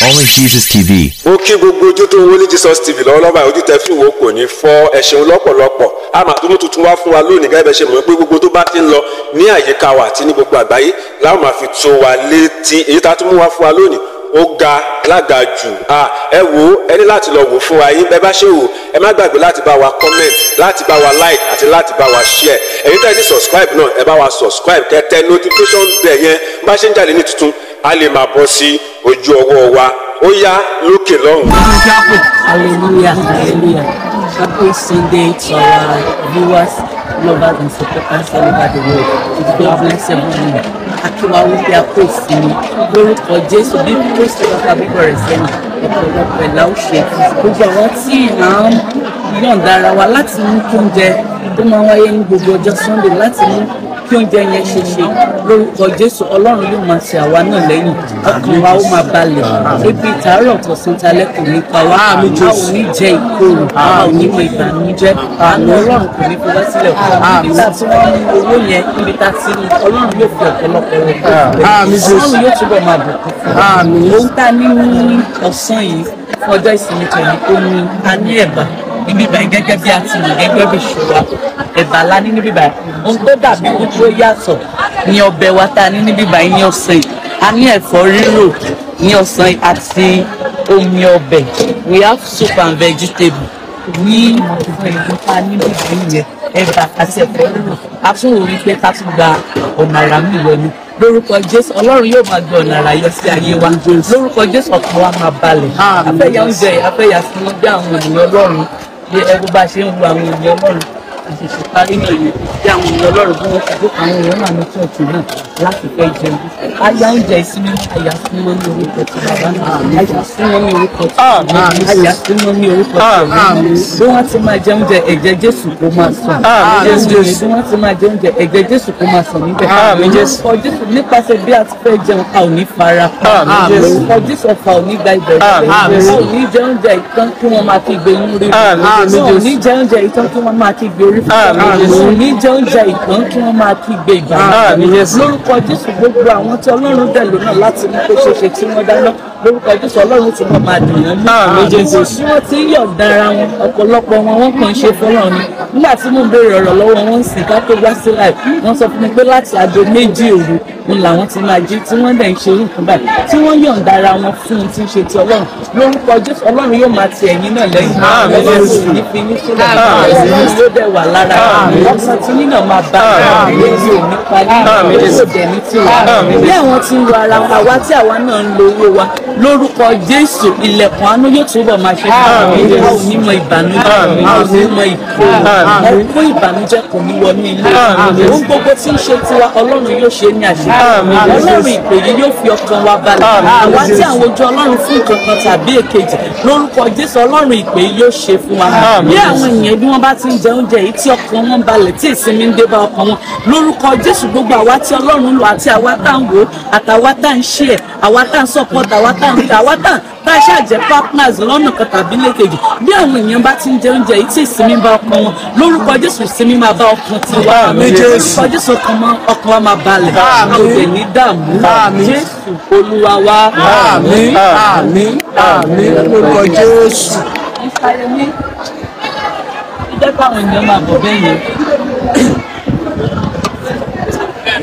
Only Jesus TV. mo kí gbogbo ojú tó ń wọlé Jesus TV lọ́wọ́lọ́wọ́ àìójú tẹ fún ìwò kò ní fọ́ ẹ lọ́pọ̀lọpọ̀ a tó mú tuntun wá fún wa lónìí gẹ́gẹ́ bẹ́ẹ̀ ṣe mọ̀ pé gbogbo tó bá ti ń lọ ní àyíká wa àti ní gbogbo àgbáyé láwọn máa fi tó wa létí èyí tá a tún mú wá fún wa lónìí ó ga lága jù ẹ wò ó láti lọ wò fún wa yín bẹ bá ṣe wò ẹ má gbàgbé láti bá wa comment láti bá wa like àti láti bá wa share ẹ̀yin tẹ́ ní subscribe náà ẹ bá wa subscribe kẹ́ notification bell yẹn bá ṣe ń jáde ní tuntun a lè máa bọ́ sí ojú ọwọ́ wa ó yá lókè lọ́hùn. hallelujah hallelujah happy sunday to our viewers lovers and supporters all over the world It's don bless everyone akiwa wípé akó ìsinmi lórúkọ jésù to kristu bàbá bíbọ rẹ sẹ́yìn ọ̀pọ̀lọpọ̀ ẹlà ó ṣe gbogbo àwọn tí ìlà ń yọ̀ǹda ara wa láti mú kóúnjẹ tó máa ń wáyé ní gbogbo ọjọ́ sunday láti mú bí oúnjẹ yẹn ṣe ṣe lórúkọ jésù ọlọ́run yóò máa ti àwa náà lẹ́yìn ọkàn wa ó máa balẹ̀ ebi ìtàárọ̀ tọ̀sán talẹ́ kò ní pa wá a ò ní jẹ ìkorò a ò ní mọ ìbànújẹ́ àná ọlọ́run kò ní fi wá sílẹ̀ nígbà tí wọ́n mú owó yẹn níbi tá a ti ní ọlọ́run yóò fi ọ̀pọ̀lọpọ̀ rẹ̀ kọ́ ọlọ́run yóò túbọ̀ máa bùkún fún un òun tá a ní ní ọ̀sán yìí fún ọjọ́ ìsinmi tòun ó ní a ní ẹ̀bà ibi báyìí gẹ́gẹ́ bí a ti mọ̀ gẹ́gẹ́ bí ṣùgbọ́n ẹ̀bà la ní níbí báyìí ohun tó dàbí ohun tó yàtọ̀ ni ọbẹ̀ wa tá a ní níbí báyìí ní ọ̀sẹ̀ a ní ẹ̀fọ́ rírò ní ọ̀sán àti omi ọbẹ̀ we have soup and vegetable ní ìgbà níbi ìgbìyànjẹ ẹ̀bà àti ẹ̀fọ́ rírò a tún rí pé ká tún gba ọ̀nà àrà mi wọlé lórúkọ jésù ọlọ́run yóò máa gbé ọ̀nà àrà yọ sí ayé wa lórúkọ jésù ọkàn wa máa balẹ̀ afẹ́yà oúnjẹ afẹ́yà sí wọn bí àwọn ènìyàn ọlọ́run ẹ bó bá ṣe ń wo àwọn èèyàn lọ́rùn àṣẹ̀ṣẹ̀ náà ni bí àwọn èèyàn ọlọ́run bí wọ́n ti gbé àwọn èèyàn náà ní ṣọ́ọ̀tì náà láti fẹ́ jẹun àyà oúnjẹ ìsinmi àyà fún wọn ní orúkọ ti bàbá náà àyà fún wọn ní orúkọ ti bàbá àyà bí wọ́n ti máa jẹ ẹ̀jẹ̀ Jésù kó máa sàn bí wọ́n ti máa jẹ ẹ̀jẹ̀ Jésù kó máa sàn níbẹ̀ orúkọ Jésù nípasẹ̀ bí a ti fẹ́ jẹun a ò ní fara pa Jésù ọ̀fà ò ní gba ibẹ̀ rẹ̀ ò ní jẹ ìtàn kí wọ́n máa fi gbé inú rí ò ní jẹ ìtàn kí wọ́n orí fún ọlọ́run ní jẹ́ oúnjẹ ìpín kí wọ́n máa kí gbé ìgbà lórúkọ Jésù gbogbo àwọn tí Ọlọ́run dẹ̀ lónà láti mú kó ṣeéṣe tí wọ́n dáná lórúkọ jésù ọlọ́run ti wọ́n máa dènà ní àmì jésù bí wọ́n ti ń yọ̀ǹda ara wọn ọ̀pọ̀lọpọ̀ wọn wọ́n kàn ń ṣe fọlọ́run ni nígbà tí mò ń béèrè ọ̀rọ̀ lọ́wọ́ wọn ń sìn ká wá sí láì wọ́n sọ fún mi pé láti aago méjì òru ni làwọn ti máa jí tí wọ́n dẹ̀ ń ṣe irú báyìí tí wọ́n yọ̀ǹda ara wọn fún un tí ń ṣe ti ọlọ́run lórúkọ jésù ọlọ́run yóò máa ti ẹ̀yìn náà lẹ́yìn ní fi tí ń lo ara wa tí àwa náà ń lo owó wa lórúkọ jésù ilẹ̀kùn àánú yóò túbọ̀ máa ṣe fún àwọn onímọ̀ ìbànújẹ́ onímọ̀ ìkó ọkọ ìbànújẹ́ kò ní wọnú ilé ohun gbogbo tí ń ṣe tiwa ọlọ́run yóò ṣe ní àṣẹ ọlọ́run ìpè yìí yóò fi ọkàn wa balẹ̀ àwa tí àwọn ojú ọlọ́run fún ìkankan tàbí èkejì lórúkọ jésù ọlọ́run ìpè yìí yóò ṣe fún wa bí àwọn èèyàn bí wọ́n bá ti ń jẹ oúnjẹ yìí tí ọkàn wọn balẹ̀ tí ìsinmi ń dé bá ọkàn wọn lórúkọ jésù gbogbo àwa tí ọlọ́run lò àti àwa tá à ń wò àtàwa tá à ń ṣe ẹ̀ àwa tá à ń sọ̀pọ̀ àtàwa t tá à ń wá tà bá a ṣàjẹ́ partners lọ́nà kan tàbí lẹ́kejì bí àwọn èèyàn bá ti ń jẹ oúnjẹ yìí tí ìsinmi bá ọkàn wọn lórúkọ Jésù ìsinmi máa bá ọkàn ti wá lórúkọ Jésù ọkàn wọn ọkàn wa máa balẹ̀ ọbẹ̀ ní dààmú Jésù Olúwa wa. àmín àmín àmín lórúkọ Jésù. ìfàyẹmí ìjẹ́ ènìyàn máa bọ̀ bẹ́ẹ̀ yẹn.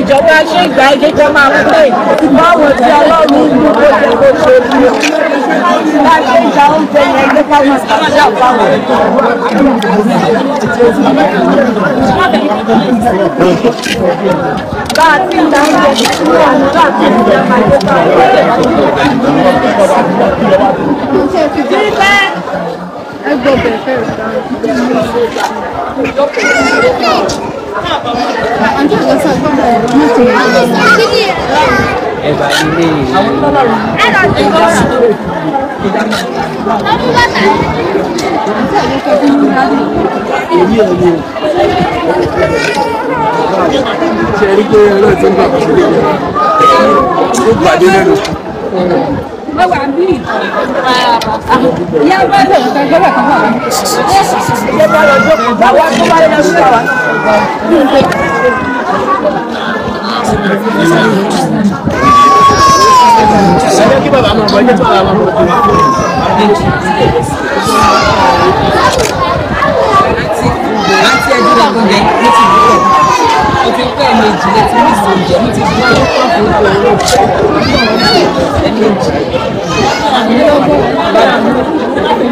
ìjọba ṣé ìgbà ayé jọ máa ń pè báwo tí ọlọ́run ń mú kó jẹ ṣe bí o bá ṣe ìjà oúnjẹ yẹn ló bá wọn àpamọ́. bá a ti ń da oúnjẹ sí wọn. ṣe rí pé ọlọ́ọ̀tún Thank you. ẹ kí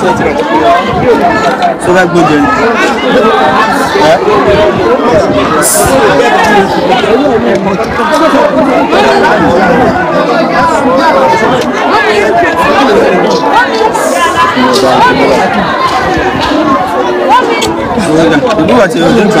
tó fẹ́ gbóúnjẹ ni. Ìlú àti ìlú ń ta.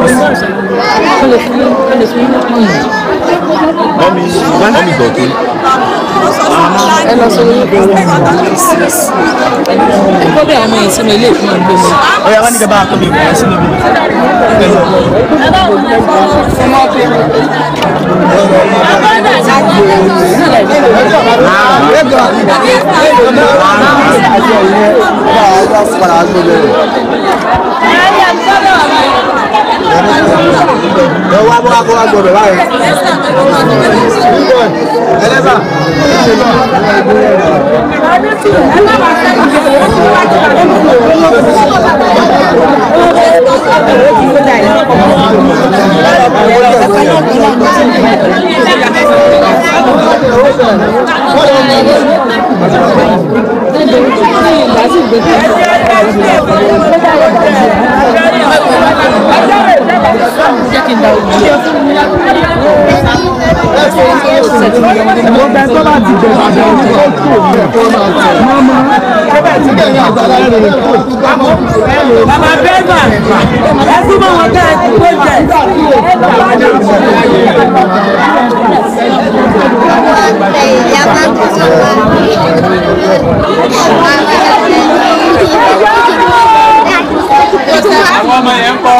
mọ́mí mọ́mí dọ̀tí. ẹ lọ sọ wípé ó bẹ àwọn èèyàn sínú ilé ìfún ọgbẹ mi. ọ̀yà wọn ní kí a bá a tóbi ìgbà sínú ibi. Ayé àgbà ẹ wá bọ́ wá kó wá gbọdọ̀ báyìí. ẹlẹ́sà Thank you. ọgbẹ tó bá ń tó